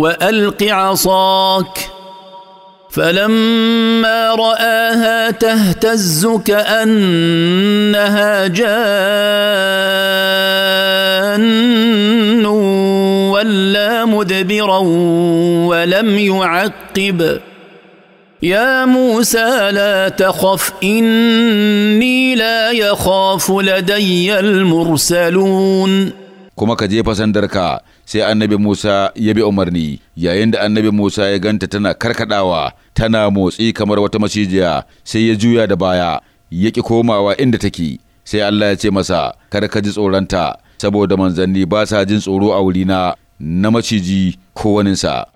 والق عصاك فلما راها تهتز كانها جان ولا مدبرا ولم يعقب يا موسى لا تخف اني لا يخاف لدي المرسلون kuma ka jefa sandarka sai annabi Musa ya bi umarni yayin da annabi Musa ya ganta tana karkadawa tana motsi kamar wata macijiya sai ya juya da baya ya ki komawa inda take sai Allah ya ce masa kada ka ji tsoronta saboda manzanni ba sa jin tsoro a wurina na maciji ko waninsa